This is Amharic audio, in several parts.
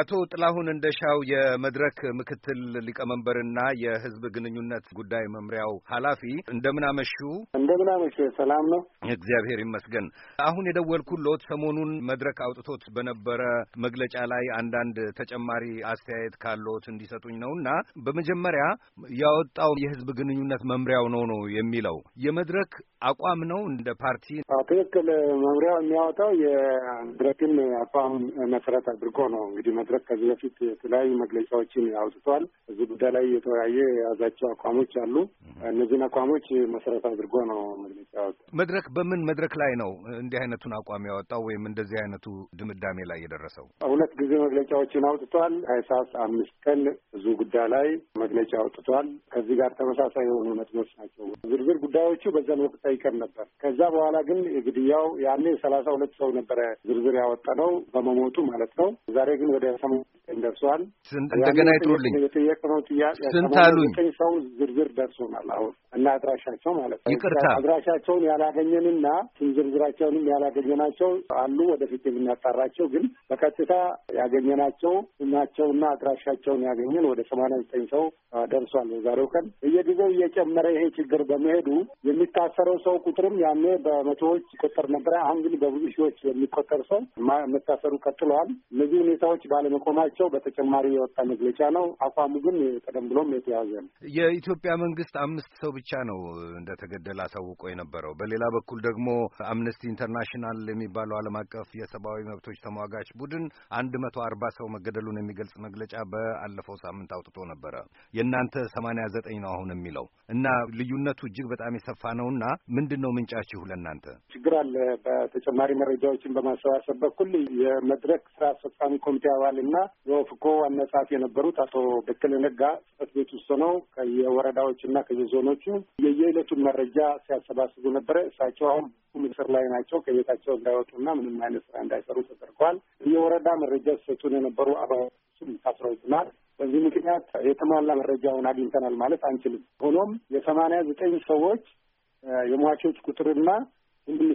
አቶ ጥላሁን እንደሻው የመድረክ ምክትል ሊቀመንበርና የሕዝብ ግንኙነት ጉዳይ መምሪያው ኃላፊ እንደምን አመሹ? እንደምን አመሹ። ሰላም ነው፣ እግዚአብሔር ይመስገን። አሁን የደወልኩሎት ሰሞኑን መድረክ አውጥቶት በነበረ መግለጫ ላይ አንዳንድ ተጨማሪ አስተያየት ካሎት እንዲሰጡኝ ነው እና በመጀመሪያ ያወጣው የሕዝብ ግንኙነት መምሪያው ነው ነው የሚለው የመድረክ አቋም ነው እንደ ፓርቲ ትክክል። መምሪያው የሚያወጣው የመድረክን አቋም መሰረት አድርጎ ነው እንግዲህ መድረክ ከዚህ በፊት የተለያዩ መግለጫዎችን አውጥተዋል። እዚህ ጉዳይ ላይ የተወያየ የያዛቸው አቋሞች አሉ። እነዚህን አቋሞች መሰረት አድርጎ ነው መግለጫ ያወጣው። መድረክ በምን መድረክ ላይ ነው እንዲህ አይነቱን አቋም ያወጣው ወይም እንደዚህ አይነቱ ድምዳሜ ላይ የደረሰው? ሁለት ጊዜ መግለጫዎችን አውጥቷል። ሀይሳስ አምስት ቀን ብዙ ጉዳይ ላይ መግለጫ አውጥተዋል። ከዚህ ጋር ተመሳሳይ የሆኑ ነጥቦች ናቸው። ዝርዝር ጉዳዮቹ በዛን ወቅት ጠይቀን ነበር። ከዛ በኋላ ግን የግድያው ያኔ ሰላሳ ሁለት ሰው ነበረ ዝርዝር ያወጣ ነው በመሞቱ ማለት ነው። ዛሬ ግን ወደ ደርሷል። እንደገና ይጥሩልኝ። የጠየቅነው ጥያቄ ስንት አሉኝ? ዘጠኝ ሰው ዝርዝር ደርሶናል አሁን እና አድራሻቸው ማለት ነው። ይቅርታ አድራሻቸውን ያላገኘንና ስም ዝርዝራቸውንም ያላገኘናቸው አሉ። ወደፊት የምናጣራቸው ግን በቀጥታ ያገኘናቸው ስማቸውና አድራሻቸውን ያገኘን ወደ ሰማንያ ዘጠኝ ሰው ደርሷል። የዛሬው ቀን በየጊዜው እየጨመረ ይሄ ችግር በመሄዱ የሚታሰረው ሰው ቁጥርም ያኔ በመቶዎች ይቆጠር ነበረ። አሁን ግን በብዙ ሺዎች የሚቆጠር ሰው መታሰሩ ቀጥለዋል። እነዚህ ሁኔታዎች ባለመቆማቸው በተጨማሪ የወጣ መግለጫ ነው። አቋሙ ግን ቀደም ብሎም የተያዘ ነው። የኢትዮጵያ መንግስት አምስት ሰው ብቻ ነው እንደተገደለ አሳውቆ የነበረው። በሌላ በኩል ደግሞ አምነስቲ ኢንተርናሽናል የሚባለው ዓለም አቀፍ የሰብአዊ መብቶች ተሟጋች ቡድን አንድ መቶ አርባ ሰው መገደሉን የሚገልጽ መግለጫ በአለፈው ሳምንት አውጥቶ ነበረ። የእናንተ ሰማንያ ዘጠኝ ነው አሁን የሚለው እና ልዩነቱ እጅግ በጣም የሰፋ ነውና ምንድን ነው ምንጫችሁ ለእናንተ ችግር አለ? በተጨማሪ መረጃዎችን በማሰባሰብ በኩል የመድረክ ስራ አስፈጻሚ ኮሚቴ አባልና የኦፍኮ ዋና ጸሐፊ የነበሩት አቶ በቀለ ነጋ ጽፈት ቤት ውስጥ ሆነው እና ከየዞኖቹ የየዕለቱን መረጃ ሲያሰባስቡ ነበረ። እሳቸው አሁን ሁሉ ላይ ናቸው። ከቤታቸው እንዳይወጡና ምንም አይነት ስራ እንዳይሰሩ ተደርገዋል። የወረዳ መረጃ ሲሰጡን የነበሩ አባሎችም ታስረውብናል። በዚህ ምክንያት የተሟላ መረጃውን አግኝተናል ማለት አንችልም። ሆኖም የሰማንያ ዘጠኝ ሰዎች የሟቾች ቁጥርና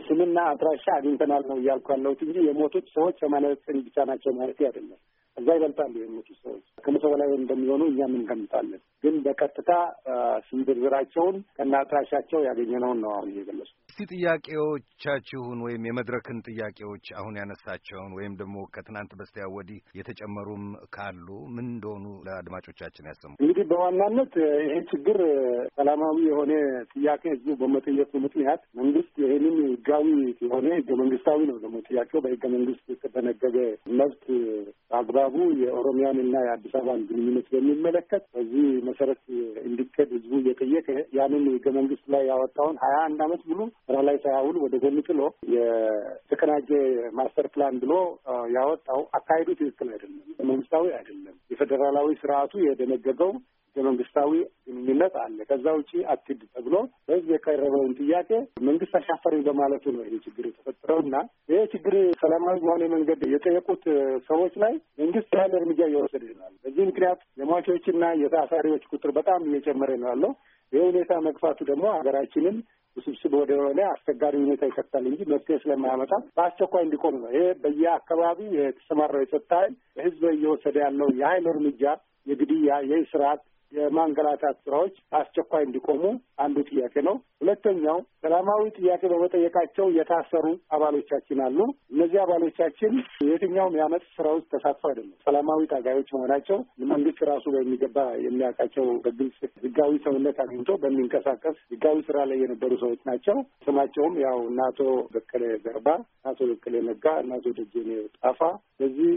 ስምና አድራሻ አግኝተናል ነው እያልኩ ያለሁት እንጂ የሞቱት ሰዎች ሰማንያ ዘጠኝ ብቻ ናቸው ማለት አይደለም። እዛ ይበልጣሉ የሞቱት ሰዎች ከመቶ በላይ እንደሚሆኑ እኛም እንገምታለን። ግን በቀጥታ ስም ዝርዝራቸውን ከነ አድራሻቸው ያገኘነውን ነው አሁን እየገለጹ እስቲ ጥያቄዎቻችሁን ወይም የመድረክን ጥያቄዎች አሁን ያነሳቸውን ወይም ደግሞ ከትናንት በስቲያ ወዲህ የተጨመሩም ካሉ ምን እንደሆኑ ለአድማጮቻችን ያሰሙ። እንግዲህ በዋናነት ይሄ ችግር ሰላማዊ የሆነ ጥያቄ ህዝቡ በመጠየቁ ምክንያት መንግስት ይህንን ህጋዊ የሆነ ህገ መንግስታዊ ነው ደግሞ ጥያቄው በህገ መንግስት የተደነገገ መብት በአግባቡ የኦሮሚያንና የአዲስ አበባን ግንኙነት በሚመለከት በዚህ መሰረት እንዲከድ ህዝቡ እየጠየቀ ያንን ህገ መንግስት ላይ ያወጣውን ሀያ አንድ አመት ብሎ ስራ ላይ ሳያውል ወደ ጎን ጥሎ የተቀናጀ ማስተር ፕላን ብሎ ያወጣው አካሄዱ ትክክል አይደለም፣ መንግስታዊ አይደለም። የፌዴራላዊ ስርዓቱ የደነገገው የመንግስታዊ ግንኙነት አለ። ከዛ ውጪ አትድ ተብሎ በህዝብ የቀረበውን ጥያቄ መንግስት አሻፈረኝ በማለቱ ነው ይህ ችግር የተፈጠረው እና ይህ ችግር ሰላማዊ በሆነ መንገድ የጠየቁት ሰዎች ላይ መንግስት ያለ እርምጃ እየወሰደ ይላል። በዚህ ምክንያት የሟቾችና የታሳሪዎች ቁጥር በጣም እየጨመረ ነው ያለው። ይህ ሁኔታ መግፋቱ ደግሞ ሀገራችንን ውስብስብ ወደሆነ አስቸጋሪ ሁኔታ ይከታል እንጂ መፍትሄ ስለማያመጣ በአስቸኳይ እንዲቆም ነው። ይሄ በየአካባቢ የተሰማራው የጸጥታ ኃይል ህዝብ እየወሰደ ያለው የሀይል እርምጃ የግድያ፣ የእስራት የማንገላታት ስራዎች አስቸኳይ እንዲቆሙ አንዱ ጥያቄ ነው። ሁለተኛው ሰላማዊ ጥያቄ በመጠየቃቸው የታሰሩ አባሎቻችን አሉ። እነዚህ አባሎቻችን የትኛውም የአመፅ ስራ ውስጥ ተሳትፎ አይደለም፣ ሰላማዊ ታጋዮች መሆናቸው መንግስት ራሱ በሚገባ የሚያውቃቸው በግልጽ ህጋዊ ሰውነት አግኝቶ በሚንቀሳቀስ ህጋዊ ስራ ላይ የነበሩ ሰዎች ናቸው። ስማቸውም ያው እነ አቶ በቀለ ገርባ፣ አቶ በቀለ ነጋ እና አቶ ደጀኔ ጣፋ በዚህ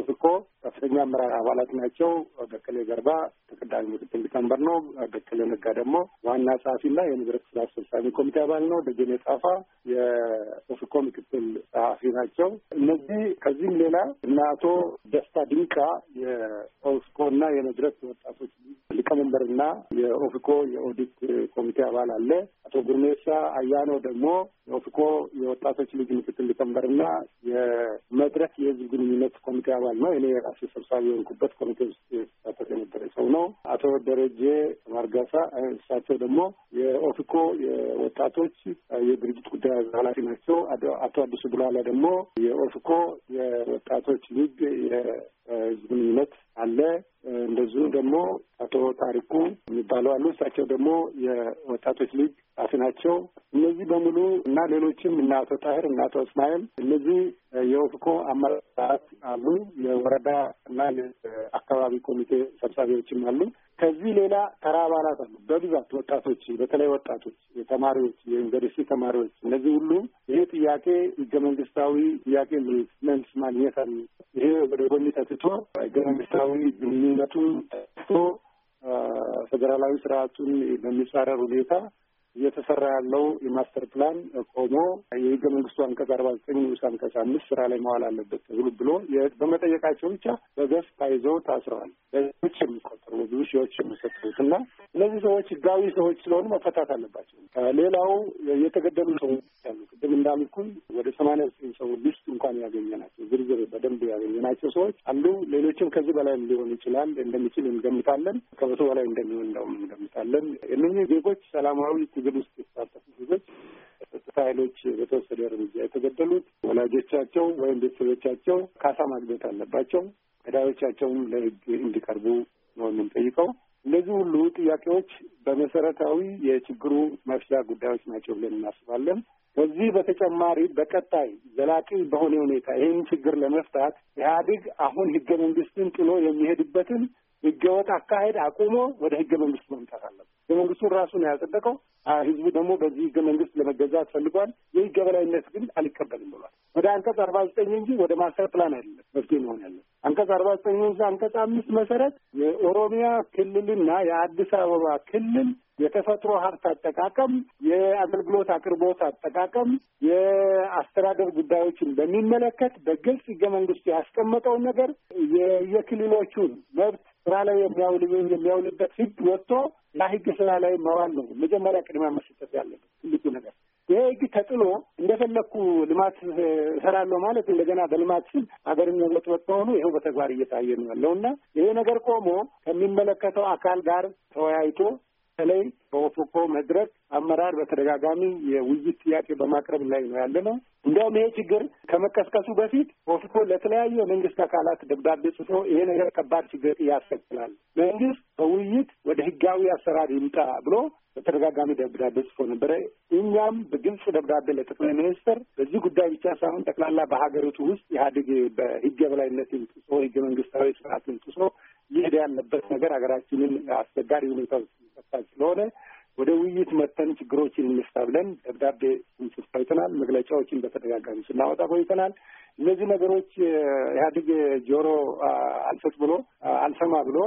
ኦብኮ ከፍተኛ አመራር አባላት ናቸው። በቀሌ ገርባ ተቀዳሚ ምክትል ሊቀመንበር ነው። በቀሌ ነጋ ደግሞ ዋና ጸሐፊና የንብረት ስራ አስፈጻሚ ኮሚቴ አባል ነው። ደጀኔ ጣፋ የኦፍኮ ምክትል ጸሐፊ ናቸው። እነዚህ ከዚህም ሌላ እና አቶ ደስታ ድንቃ የኦፍኮ እና የንብረት ወጣቶች ሊቀመንበርና የኦፍኮ የኦዲት ኮሚቴ አባል አለ። አቶ ጉርሜሳ አያኖ ደግሞ የኦፍኮ የወጣቶች ልጅ ምክትል ሊቀመንበርና የመድረክ የህዝብ ግንኙነት ኮሚቴ አባል አባል ነው። እኔ የራሴ ሰብሳቢ የሆንኩበት ኮሚቴ ውስጥ የተሳተፈ የነበረ ሰው ነው። አቶ ደረጀ ማርጋሳ እሳቸው ደግሞ የኦፊኮ የወጣቶች የድርጅት ጉዳይ ኃላፊ ናቸው። አቶ አዲሱ ብላላ ደግሞ የኦፊኮ የወጣቶች ሊግ ግንኙነት አለ። እንደዚሁ ደግሞ አቶ ታሪኩ የሚባለው አሉ። እሳቸው ደግሞ የወጣቶች ሊግ ጻፊ ናቸው። እነዚህ በሙሉ እና ሌሎችም እና አቶ ጣህር እና አቶ እስማኤል እነዚህ የኦፍኮ አመራራት አሉ። የወረዳ እና አካባቢ ኮሚቴ ሰብሳቢዎችም አሉ። ከዚህ ሌላ ተራ አባላት አሉ። በብዛት ወጣቶች፣ በተለይ ወጣቶች፣ የተማሪዎች፣ የዩኒቨርሲቲ ተማሪዎች እነዚህ ሁሉ ጥያቄ ህገ መንግስታዊ ጥያቄ መልስ ማግኘት አለ። ይሄ ወደ ጎን ተትቶ ህገ መንግስታዊ ግንኙነቱን ተቶ ፌዴራላዊ ስርዓቱን በሚጻረር ሁኔታ እየተሰራ ያለው የማስተር ፕላን ቆሞ የህገ መንግስቱ አንቀጽ አርባ ዘጠኝ ንዑስ አንቀጽ አምስት ስራ ላይ መዋል አለበት ተብሎ ብሎ በመጠየቃቸው ብቻ በገፍ ታይዘው ታስረዋል። ብዙዎች የሚቆጠሩ ብዙ ሺዎች የሚሰጥሩት እና እነዚህ ሰዎች ህጋዊ ሰዎች ስለሆኑ መፈታት አለባቸው። ሌላው የተገደሉ ሰዎች ያሉ ቅድም እንዳልኩኝ ወደ ሰማንያ ዘጠኝ ሰው ሊስት እንኳን ያገኘ ናቸው። ዝርዝር በደንብ ያገኘ ናቸው ሰዎች አሉ። ሌሎችም ከዚህ በላይም ሊሆን ይችላል እንደሚችል እንገምታለን። ከመቶ በላይ እንደሚሆን እንደውም እንገምታለን። እነዚህ ዜጎች ሰላማዊ በትግል ውስጥ የተሳተፉ ልጆች ጸጥታ ኃይሎች በተወሰደ እርምጃ የተገደሉት ወላጆቻቸው ወይም ቤተሰቦቻቸው ካሳ ማግኘት አለባቸው። ዕዳዎቻቸውም ለሕግ እንዲቀርቡ ነው የምንጠይቀው። እነዚህ ሁሉ ጥያቄዎች በመሰረታዊ የችግሩ መፍቻ ጉዳዮች ናቸው ብለን እናስባለን። ከዚህ በተጨማሪ በቀጣይ ዘላቂ በሆነ ሁኔታ ይህን ችግር ለመፍታት ኢህአዴግ አሁን ህገ መንግስትን ጥሎ የሚሄድበትን ህገወጥ አካሄድ አቁሞ ወደ ህገ መንግስት መምጣት አለበት። ህገ መንግስቱን ራሱን ያጸደቀው። ህዝቡ ደግሞ በዚህ ህገ መንግስት ለመገዛት ፈልጓል። የህገ በላይነት ግን አልቀበልም ብሏል። ወደ አንቀጽ አርባ ዘጠኝ እንጂ ወደ ማስተር ፕላን አይደለም መፍትሄ መሆን ያለ አንቀጽ አርባ ዘጠኝ አንቀጽ አምስት መሰረት የኦሮሚያ ክልልና የአዲስ አበባ ክልል የተፈጥሮ ሀብት አጠቃቀም፣ የአገልግሎት አቅርቦት አጠቃቀም፣ የአስተዳደር ጉዳዮችን በሚመለከት በግልጽ ህገ መንግስቱ ያስቀመጠውን ነገር የክልሎቹን መብት ስራ ላይ የሚያውል የሚያውልበት ህግ ወጥቶ ያ ህግ ስራ ላይ መዋል ነው መጀመሪያ ቅድሚያ መሰጠት ያለበት ትልቁ ነገር። ይሄ ህግ ተጥሎ እንደፈለግኩ ልማት እሰራለሁ ማለት እንደገና በልማት ስል ሀገርን መበጥበጥ መሆኑ ይኸው በተግባር እየታየ ነው ያለው እና ይሄ ነገር ቆሞ ከሚመለከተው አካል ጋር ተወያይቶ በተለይ በኦፎኮ መድረክ አመራር በተደጋጋሚ የውይይት ጥያቄ በማቅረብ ላይ ነው ያለ ነው። እንዲያውም ይሄ ችግር ከመቀስቀሱ በፊት ኦፎኮ ለተለያዩ የመንግስት አካላት ደብዳቤ ጽፎ ይሄ ነገር ከባድ ችግር ያስከትላል፣ መንግስት በውይይት ወደ ህጋዊ አሰራር ይምጣ ብሎ በተደጋጋሚ ደብዳቤ ጽፎ ነበረ። እኛም በግልጽ ደብዳቤ ለጠቅላይ ሚኒስትር በዚህ ጉዳይ ብቻ ሳይሆን ጠቅላላ በሀገሪቱ ውስጥ ኢህአዴግ በህገ በላይነትን ጥሶ ህገ መንግስታዊ ስርዓትን ጥሶ ይሄድ ያለበት ነገር ሀገራችንን አስቸጋሪ ሁኔታ ውስጥ ይፈታል ስለሆነ ወደ ውይይት መተን ችግሮችን እንፍታ ብለን ደብዳቤ ስንጽፍ ቆይተናል። መግለጫዎችን በተደጋጋሚ ስናወጣ ቆይተናል። እነዚህ ነገሮች ኢህአዴግ ጆሮ አልሰጥ ብሎ አልሰማ ብሎ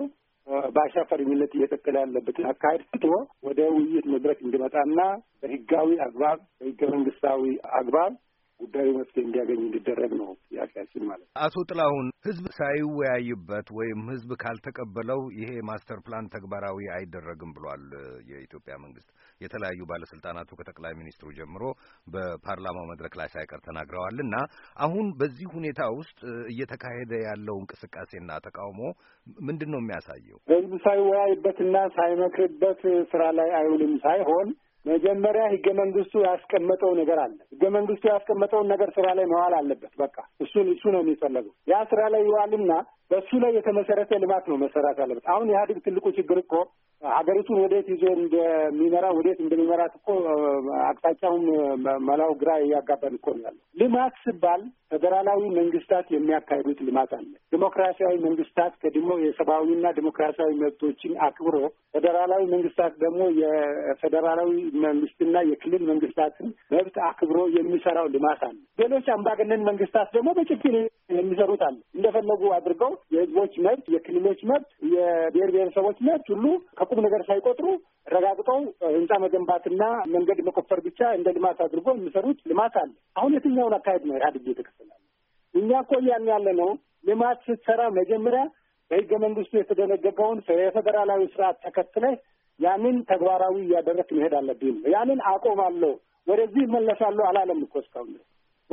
በአሻፈሪነት እየቀጠለ ያለበትን አካሄድ ትቶ ወደ ውይይት መድረክ እንዲመጣና በህጋዊ አግባብ በህገ መንግስታዊ አግባብ ጉዳዩ መፍትሄ እንዲያገኝ እንዲደረግ ነው ጥያቄያችን ማለት ነው። አቶ ጥላሁን ህዝብ ሳይወያይበት ወይም ህዝብ ካልተቀበለው ይሄ ማስተር ፕላን ተግባራዊ አይደረግም ብሏል የኢትዮጵያ መንግስት። የተለያዩ ባለስልጣናቱ ከጠቅላይ ሚኒስትሩ ጀምሮ በፓርላማው መድረክ ላይ ሳይቀር ተናግረዋል። እና አሁን በዚህ ሁኔታ ውስጥ እየተካሄደ ያለው እንቅስቃሴና ተቃውሞ ምንድን ነው የሚያሳየው? ህዝብ ሳይወያይበትና ሳይመክርበት ስራ ላይ አይውልም ሳይሆን መጀመሪያ ህገ መንግስቱ ያስቀመጠው ነገር አለ። ህገ መንግስቱ ያስቀመጠውን ነገር ስራ ላይ መዋል አለበት። በቃ እሱን እሱ ነው የሚፈለገው። ያ ስራ ላይ ይዋልና በእሱ ላይ የተመሰረተ ልማት ነው መሰራት አለበት። አሁን ኢህአዴግ ትልቁ ችግር እኮ ሀገሪቱን ወዴት ይዞ እንደሚመራ ወዴት እንደሚመራት እኮ አቅጣጫውን መላው ግራ እያጋባን እኮ ነው ያለው። ልማት ሲባል ፌዴራላዊ መንግስታት የሚያካሂዱት ልማት አለ። ዲሞክራሲያዊ መንግስታት ከድሞ የሰብአዊና ዲሞክራሲያዊ መብቶችን አክብሮ ፌዴራላዊ መንግስታት ደግሞ የፌዴራላዊ መንግስትና የክልል መንግስታትን መብት አክብሮ የሚሰራው ልማት አለ። ሌሎች አምባገነን መንግስታት ደግሞ በችግር የሚሰሩት አለ። እንደፈለጉ አድርገው የህዝቦች መብት፣ የክልሎች መብት፣ የብሔር ብሔረሰቦች መብት ሁሉ ከቁም ነገር ሳይቆጥሩ ረጋግጠው ህንፃ መገንባትና መንገድ መቆፈር ብቻ እንደ ልማት አድርጎ የሚሰሩት ልማት አለ። አሁን የትኛውን አካሄድ ነው ኢህአዴግ እየተከተላለ? እኛ እኮ እያን ያለ ነው ልማት ስትሰራ መጀመሪያ በህገ መንግስቱ የተደነገገውን የፌዴራላዊ ስርዓት ተከትለህ ያንን ተግባራዊ እያደረግ መሄድ አለብኝ። ያንን አቆማለሁ፣ ወደዚህ ይመለሳለሁ አላለም እኮ እስካሁን።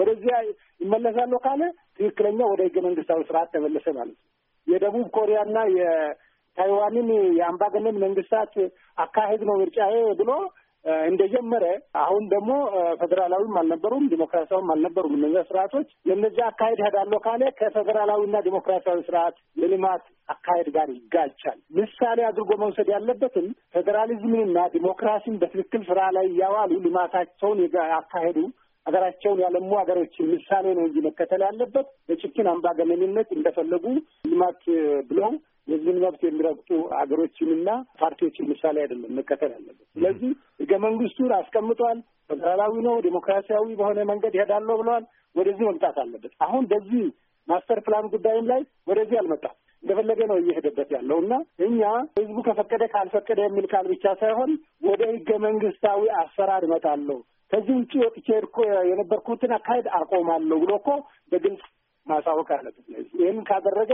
ወደዚያ ይመለሳለሁ ካለ ትክክለኛ ወደ ህገ መንግስታዊ ስርዓት ተመለሰ ማለት ነው። የደቡብ ኮሪያና የታይዋንን የአምባገነን መንግስታት አካሄድ ነው ምርጫዬ ብሎ እንደጀመረ አሁን ደግሞ ፌዴራላዊም አልነበሩም ዲሞክራሲያዊም አልነበሩም። እነዚያ ስርዓቶች ለእነዚያ አካሄድ ሄዳለሁ ካለ ከፌዴራላዊና ዲሞክራሲያዊ ስርዓት የልማት አካሄድ ጋር ይጋጫል። ምሳሌ አድርጎ መውሰድ ያለበትም ፌዴራሊዝምንና ዲሞክራሲን በትክክል ስራ ላይ እያዋሉ ልማታቸውን አካሄዱ ሀገራቸውን ያለሙ ሀገሮችን ምሳሌ ነው እንጂ መከተል ያለበት አምባ አምባገነንነት እንደፈለጉ ልማት ብለው የህዝብን መብት የሚረግጡ ሀገሮችንና ፓርቲዎችን ምሳሌ አይደለም መከተል ያለበት። ስለዚህ ህገ መንግስቱን አስቀምጧል። ፌዴራላዊ ነው፣ ዴሞክራሲያዊ በሆነ መንገድ ይሄዳለሁ ብለዋል። ወደዚህ መምጣት አለበት። አሁን በዚህ ማስተር ፕላን ጉዳይም ላይ ወደዚህ አልመጣም። እንደፈለገ ነው እየሄደበት ያለው እና እኛ ህዝቡ ከፈቀደ ካልፈቀደ የሚል ቃል ብቻ ሳይሆን ወደ ህገ መንግስታዊ አሰራር እመጣለሁ ከዚህ ውጭ ወጥቼ እኮ የነበርኩትን አካሄድ አቆማለሁ ብሎ እኮ በግልጽ ማሳወቅ አለበት። ይህን ካደረገ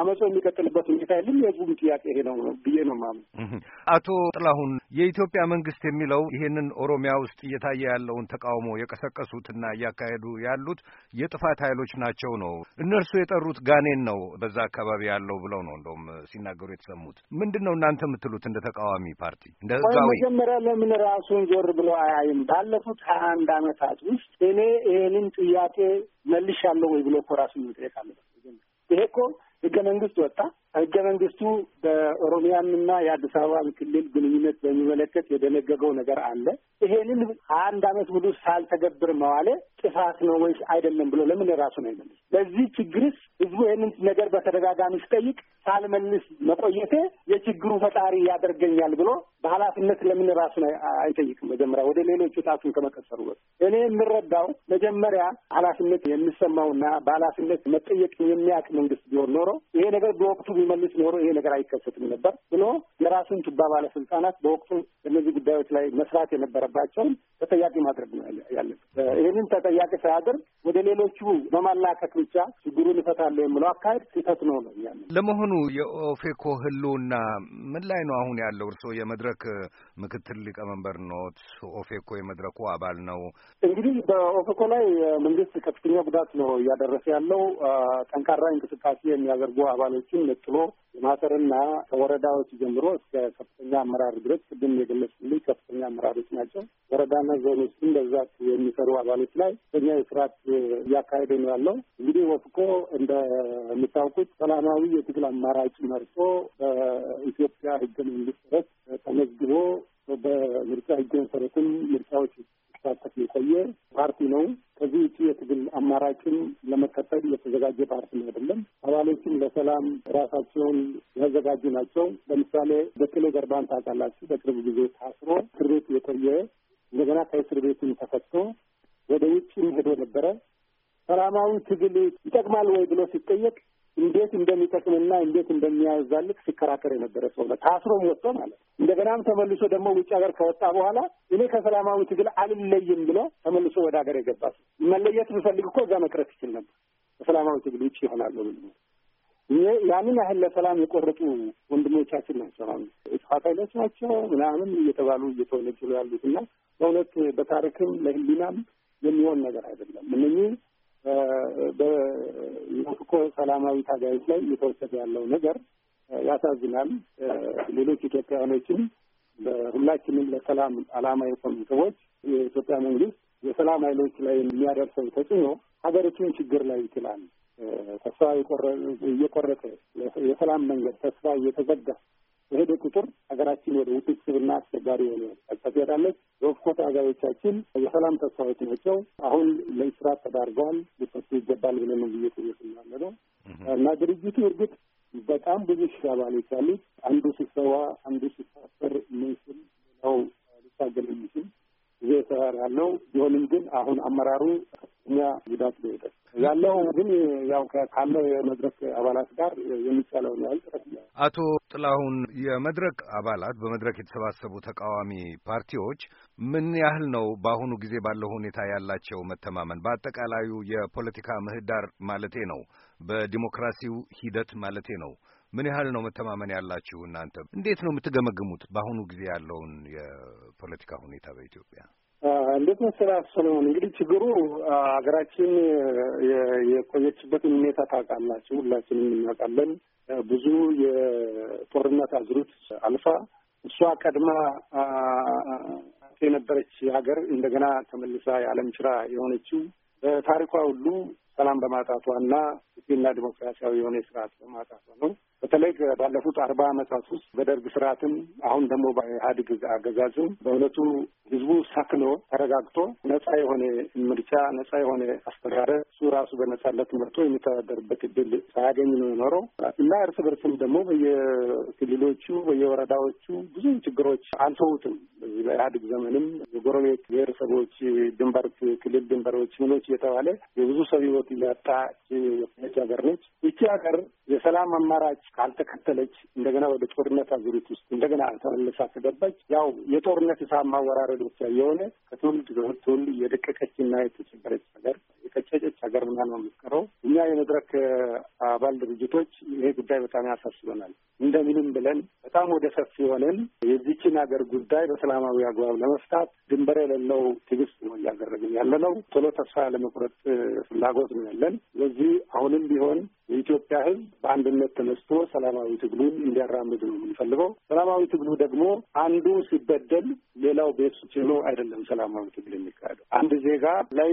አመፁ የሚቀጥልበት ሁኔታ የለም። የህዝቡም ጥያቄ ይሄ ነው ብዬ ነው ማምን። አቶ ጥላሁን የኢትዮጵያ መንግስት የሚለው ይሄንን ኦሮሚያ ውስጥ እየታየ ያለውን ተቃውሞ የቀሰቀሱትና እያካሄዱ ያሉት የጥፋት ኃይሎች ናቸው ነው እነርሱ የጠሩት ጋኔን ነው በዛ አካባቢ ያለው ብለው ነው እንደውም ሲናገሩ የተሰሙት። ምንድን ነው እናንተ የምትሉት እንደ ተቃዋሚ ፓርቲ እንደ ህዝባዊ? መጀመሪያ ለምን ራሱን ዞር ብሎ አያይም? ባለፉት ሀያ አንድ አመታት ውስጥ እኔ ይህንን ጥያቄ መልሻለሁ ወይ ብሎ እኮ ራሱን መጠየቅ አለበት። ይሄ እኮ ህገ መንግስት ወጣ። ህገ መንግስቱ በኦሮሚያንና የአዲስ አበባን ክልል ግንኙነት በሚመለከት የደነገገው ነገር አለ። ይሄንን አንድ አመት ሙሉ ሳልተገብር መዋለ ጥፋት ነው ወይስ አይደለም ብሎ ለምን ራሱ ነው ይመልስ። ለዚህ ችግርስ ህዝቡ ይህንን ነገር በተደጋጋሚ ሲጠይቅ ሳልመልስ መቆየቴ የችግሩ ፈጣሪ ያደርገኛል ብሎ በኃላፊነት ለምን ራሱን አይጠይቅም? መጀመሪያ ወደ ሌሎቹ ጣቱን ከመቀሰሩ እኔ የምረዳው መጀመሪያ ኃላፊነት የሚሰማውና በኃላፊነት መጠየቅ የሚያውቅ መንግስት ቢሆን ኖሮ ይሄ ነገር በወቅቱ ቢመልስ ኖሮ ይሄ ነገር አይከሰትም ነበር ብሎ የራሱን ቱባ ባለስልጣናት በወቅቱ እነዚህ ጉዳዮች ላይ መስራት የነበረባቸውን ተጠያቂ ማድረግ ነው ያለበት። ይህንን ተጠያቂ ሳያደርግ ወደ ሌሎቹ በማላከት ብቻ ችግሩን እፈታለሁ የምለው አካሄድ ስህተት ነው ነው። ለመሆኑ የኦፌኮ ህልውና ምን ላይ ነው አሁን ያለው? እርስዎ የመድረክ ምክትል ሊቀመንበር ኖት፣ ኦፌኮ የመድረኩ አባል ነው። እንግዲህ በኦፌኮ ላይ መንግስት ከፍተኛ ጉዳት ነው እያደረሰ ያለው። ጠንካራ እንቅስቃሴ የሚያደርጉ አባሎችን ነጥሎ ማሰርና ከወረዳዎች ጀምሮ እስከ ከፍተኛ አመራር ድረስ ቅድም የገለጹልኝ ከፍተኛ አመራሮች ናቸው። ወረዳና ዞን ውስጥም በብዛት የሚሰሩ አባሎች ላይ ከፍተኛ የስርዓት እያካሄደ ነው ያለው። እንግዲህ ወፍቆ እንደምታውቁት ሰላማዊ የትግል አማራጭ መርጦ በኢትዮጵያ ህገ መንግስት ረት ተመዝግቦ በምርጫ ህገ መሰረትም ምርጫዎች ሲሳተፍ የቆየ ፓርቲ ነው። ከዚህ ውጭ የትግል አማራጭን ለመከተል የተዘጋጀ ፓርቲ አይደለም። አባሎችም ለሰላም ራሳቸውን ያዘጋጁ ናቸው። ለምሳሌ በቀለ ገርባን ታውቃላችሁ። በቅርብ ጊዜ ታስሮ እስር ቤት የቆየ እንደገና ከእስር ቤትም ተፈቶ ወደ ውጭም ሄዶ ነበረ። ሰላማዊ ትግል ይጠቅማል ወይ ብሎ ሲጠየቅ እንዴት እንደሚጠቅምና እንዴት እንደሚያዛልቅ ሲከራከር የነበረ ሰው ነው። ታስሮም ወጥቶ ማለት እንደገናም ተመልሶ ደግሞ ውጭ ሀገር ከወጣ በኋላ እኔ ከሰላማዊ ትግል አልለይም ብሎ ተመልሶ ወደ ሀገር የገባ ሰው መለየት ብፈልግ እኮ እዛ መቅረት ይችል ነበር። ከሰላማዊ ትግል ውጭ ይሆናሉ ብ ያንን ያህል ለሰላም የቆረጡ ወንድሞቻችን ናቸው። አሁን እጽፋት ኃይሎች ናቸው ምናምን እየተባሉ እየተወነጀሉ ያሉት እና በእውነት በታሪክም ለህሊናም የሚሆን ነገር አይደለም እነኚህ በሞስኮ ሰላማዊ ታጋዮች ላይ እየተወሰደ ያለው ነገር ያሳዝናል። ሌሎች ኢትዮጵያውያኖችም በሁላችንም ለሰላም አላማ የቆሙ ሰዎች የኢትዮጵያ መንግስት የሰላም ኃይሎች ላይ የሚያደርሰው ተጽዕኖ ሀገሪቱን ችግር ላይ ይችላል። ተስፋ እየቆረጠ የሰላም መንገድ ተስፋ እየተዘጋ በሄደ ቁጥር ሀገራችን ወደ ውስብስብና አስቸጋሪ የሆነ ትሄዳለች። በኦፍኮርስ ሀገሮቻችን የሰላም ተስፋዎች ናቸው። አሁን ለእስራት ተዳርገዋል። ሊፈቱ ይገባል ብለን ነው ብዬ ጥየት ነው እና ድርጅቱ እርግጥ በጣም ብዙ ሺህ አሉት። አንዱ ስሰዋ አንዱ ሲሳፈር ምንስል ሌላው ሊታገል የሚችል ጊዜ ያለው ቢሆንም ግን አሁን አመራሩ እኛ ጉዳት ይደርስ ያለው ግን ያው ካለው የመድረክ አባላት ጋር የሚቻለውን ያህል ጥረት አቶ ጥላሁን የመድረክ አባላት በመድረክ የተሰባሰቡ ተቃዋሚ ፓርቲዎች ምን ያህል ነው በአሁኑ ጊዜ ባለው ሁኔታ ያላቸው መተማመን በአጠቃላዩ የፖለቲካ ምህዳር ማለቴ ነው በዲሞክራሲው ሂደት ማለቴ ነው ምን ያህል ነው መተማመን ያላችሁ እናንተ እንዴት ነው የምትገመግሙት በአሁኑ ጊዜ ያለውን የፖለቲካ ሁኔታ በኢትዮጵያ እንዴት መሰለህ ሰለሞን፣ እንግዲህ ችግሩ ሀገራችን የቆየችበትን ሁኔታ ታውቃላችሁ፣ ሁላችንም እናውቃለን። ብዙ የጦርነት አዙሪት አልፋ እሷ ቀድማ የነበረች ሀገር እንደገና ተመልሳ የዓለም ጭራ የሆነችው በታሪኳ ሁሉ ሰላም በማጣቷ እና እና ዲሞክራሲያዊ የሆነ ስርዓት በማጣቷ ነው። በተለይ ባለፉት አርባ ዓመታት ውስጥ በደርግ ስርዓትም አሁን ደግሞ በኢህአዴግ አገዛዝም በእውነቱ ህዝቡ ሰክኖ ተረጋግቶ ነጻ የሆነ ምርጫ፣ ነጻ የሆነ አስተዳደር እሱ ራሱ በነጻነት መርቶ የሚተዳደርበት እድል ሳያገኝ ነው የኖረው እና እርስ በርስም ደግሞ በየክልሎቹ በየወረዳዎቹ ብዙ ችግሮች አልተውትም። በዚህ በኢህአዴግ ዘመንም የጎረቤት ብሔረሰቦች ድንበር፣ ክልል ድንበሮች ምኖች እየተባለ የብዙ ሰው ህይወት ያጣች ሀገር ነች። ይቺ ሀገር የሰላም አማራጭ ካልተከተለች እንደገና ወደ ጦርነት አዙሪት ውስጥ እንደገና ተመልሳ ከገባች ያው የጦርነት ሂሳብ ማወራረድ ብቻ የሆነ ከትውልድ ትውልድ የደቀቀች የደቀቀችና የተቸገረች ሀገር የቀጨጨች ሀገር ምና ነው የምትቀረው። እኛ የመድረክ አባል ድርጅቶች ይሄ ጉዳይ በጣም ያሳስበናል። እንደምንም ብለን በጣም ወደ ሰፊ የሆነን የዚችን ሀገር ጉዳይ በሰላማዊ አግባብ ለመፍታት ድንበር የሌለው ትዕግስት ነው እያደረግን ያለ ነው። ቶሎ ተስፋ ለመቁረጥ ፍላጎት ነው ያለን። ስለዚህ አሁንም ቢሆን የኢትዮጵያ ሕዝብ በአንድነት ተነስቶ ሰላማዊ ትግሉን እንዲያራምድ ነው የምንፈልገው። ሰላማዊ ትግሉ ደግሞ አንዱ ሲበደል ሌላው ቤት ችሎ አይደለም ሰላማዊ ትግል የሚካሄደው። አንድ ዜጋ ላይ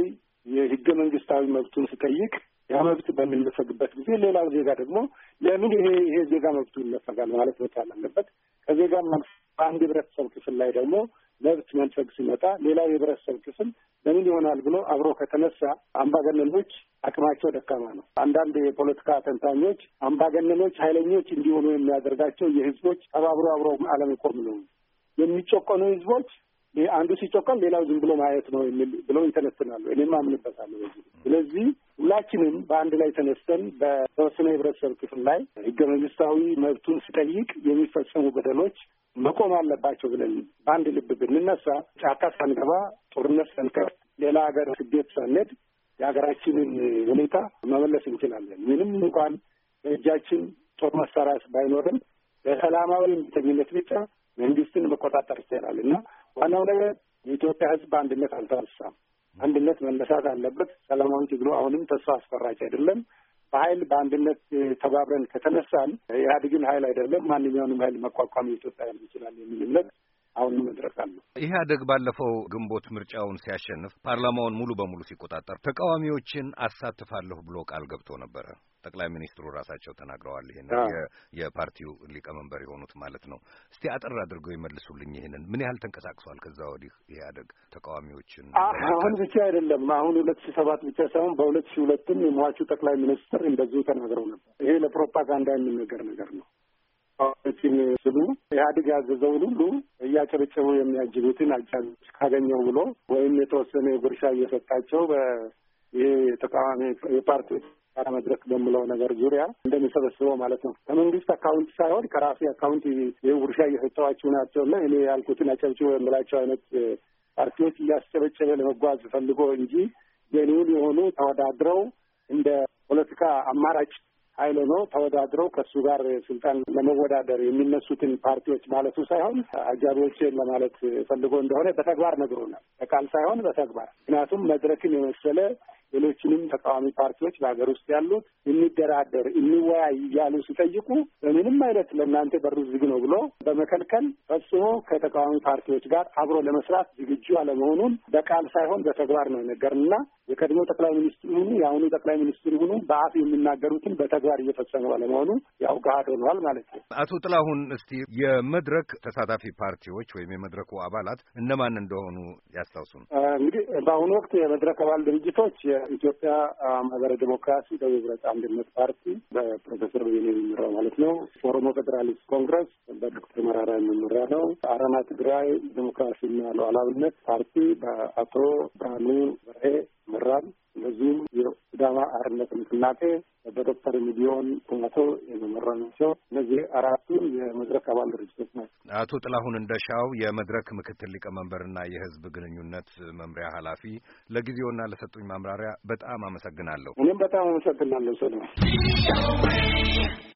የህገ መንግስታዊ መብቱን ስጠይቅ ያ መብት በሚነፈግበት ጊዜ ሌላው ዜጋ ደግሞ ለምን ይሄ ይሄ ዜጋ መብቱ ይነፈጋል ማለት መቻል አለበት። ከዜጋ በአንድ ህብረተሰብ ክፍል ላይ ደግሞ መብት መንፈግ ሲመጣ ሌላው የህብረተሰብ ክፍል ለምን ይሆናል ብሎ አብሮ ከተነሳ አምባገነኖች አቅማቸው ደካማ ነው። አንዳንድ የፖለቲካ ተንታኞች አምባገነኖች ኃይለኞች እንዲሆኑ የሚያደርጋቸው የህዝቦች ተባብሮ አብሮ አለመቆም ነው። የሚጨቆኑ ህዝቦች አንዱ ሲጨቆን ሌላው ዝም ብሎ ማየት ነው የሚል ብለው ይተነትናሉ። እኔም አምንበታለሁ ስለዚህ ሁላችንም በአንድ ላይ ተነስተን በተወሰነ የህብረተሰብ ክፍል ላይ ህገ መንግስታዊ መብቱን ሲጠይቅ የሚፈጸሙ በደሎች መቆም አለባቸው ብለን በአንድ ልብ ብንነሳ ጫካ ሳንገባ፣ ጦርነት ሳንከፍት፣ ሌላ ሀገር ስደት ሳንሄድ የሀገራችንን ሁኔታ መመለስ እንችላለን። ምንም እንኳን በእጃችን ጦር መሳሪያ ባይኖርም በሰላማዊ እምቢተኝነት ብቻ መንግስትን መቆጣጠር ይቻላል እና ዋናው ነገር የኢትዮጵያ ሕዝብ በአንድነት አልተነሳም። አንድነት መነሳት አለበት። ሰላማዊ ትግሉ አሁንም ተስፋ አስፈራጭ አይደለም። በኃይል በአንድነት ተባብረን ከተነሳን ኢህአዴግን ኃይል አይደለም ማንኛውንም ኃይል መቋቋም ኢትዮጵያ ይችላል የሚል እምነት አሁን መድረክ አለ። ኢህአደግ ባለፈው ግንቦት ምርጫውን ሲያሸንፍ ፓርላማውን ሙሉ በሙሉ ሲቆጣጠር ተቃዋሚዎችን አሳትፋለሁ ብሎ ቃል ገብቶ ነበረ። ጠቅላይ ሚኒስትሩ ራሳቸው ተናግረዋል። ይሄንን የፓርቲው ሊቀመንበር የሆኑት ማለት ነው። እስቲ አጠር አድርገው ይመልሱልኝ። ይሄንን ምን ያህል ተንቀሳቅሷል? ከዛ ወዲህ ኢህአደግ ተቃዋሚዎችን አሁን ብቻ አይደለም አሁን ሁለት ሺ ሰባት ብቻ ሳይሆን በሁለት ሺ ሁለትም የሟቹ ጠቅላይ ሚኒስትር እንደዚሁ ተናግረው ነበር። ይሄ ለፕሮፓጋንዳ የሚነገር ነገር ነው። ችን ስሉ ኢህአዴግ ያዘዘውን ሁሉ እያጨበጨቡ የሚያጅቡትን አጃቢዎች ካገኘው ብሎ ወይም የተወሰነ ጉርሻ እየሰጣቸው ይሄ የተቃዋሚ የፓርቲ ኧረ መድረክ በምለው ነገር ዙሪያ እንደሚሰበስበው ማለት ነው። ከመንግስት አካውንት ሳይሆን ከራሴ አካውንት ይህ እየሰጠዋችሁ ናቸው እና እኔ ያልኩትን አጨብጭቦ የምላቸው አይነት ፓርቲዎች እያስጨበጨበ ለመጓዝ ፈልጎ እንጂ ጄኒውን የሆኑ ተወዳድረው እንደ ፖለቲካ አማራጭ ኃይል ነው ተወዳድረው ከእሱ ጋር ስልጣን ለመወዳደር የሚነሱትን ፓርቲዎች ማለቱ ሳይሆን አጃቢዎችን ለማለት ፈልጎ እንደሆነ በተግባር ነግሮናል። በቃል ሳይሆን በተግባር ምክንያቱም መድረክን የመሰለ ሌሎችንም ተቃዋሚ ፓርቲዎች በሀገር ውስጥ ያሉት እንደራደር፣ እንወያይ እያሉ ሲጠይቁ በምንም አይነት ለእናንተ በሩ ዝግ ነው ብሎ በመከልከል ፈጽሞ ከተቃዋሚ ፓርቲዎች ጋር አብሮ ለመስራት ዝግጁ አለመሆኑን በቃል ሳይሆን በተግባር ነው የነገርንና የቀድሞ ጠቅላይ ሚኒስትር ሁኑ የአሁኑ ጠቅላይ ሚኒስትር ሁኑ በአፍ የሚናገሩትን በተግባር እየፈጸሙ አለመሆኑ ያው ገሃድ ሆነዋል ማለት ነው። አቶ ጥላሁን እስቲ የመድረክ ተሳታፊ ፓርቲዎች ወይም የመድረኩ አባላት እነማን እንደሆኑ ያስታውሱን። እንግዲህ በአሁኑ ወቅት የመድረክ አባል ድርጅቶች የኢትዮጵያ ማህበረ ዲሞክራሲ ህብረት አንድነት ፓርቲ በፕሮፌሰር በየነ የሚመራው ማለት ነው። ኦሮሞ ፌዴራሊስት ኮንግረስ በዶክተር መራራ የሚመራ ነው። አረና ትግራይ ዲሞክራሲና ሉዓላዊነት ፓርቲ በአቶ ብርሃኑ በርሄ ይመራል። እንደዚሁም የሲዳማ አርነት ንቅናቄ በዶክተር ሚሊዮን ቁመቶ የመመራ ናቸው። እነዚህ አራቱ የመድረክ አባል ድርጅቶች ናቸው። አቶ ጥላሁን እንደሻው የመድረክ ምክትል ሊቀመንበርና የህዝብ ግንኙነት መምሪያ ኃላፊ፣ ለጊዜውና ለሰጡኝ ማምራሪያ በጣም አመሰግናለሁ። እኔም በጣም አመሰግናለሁ ሰለሞን።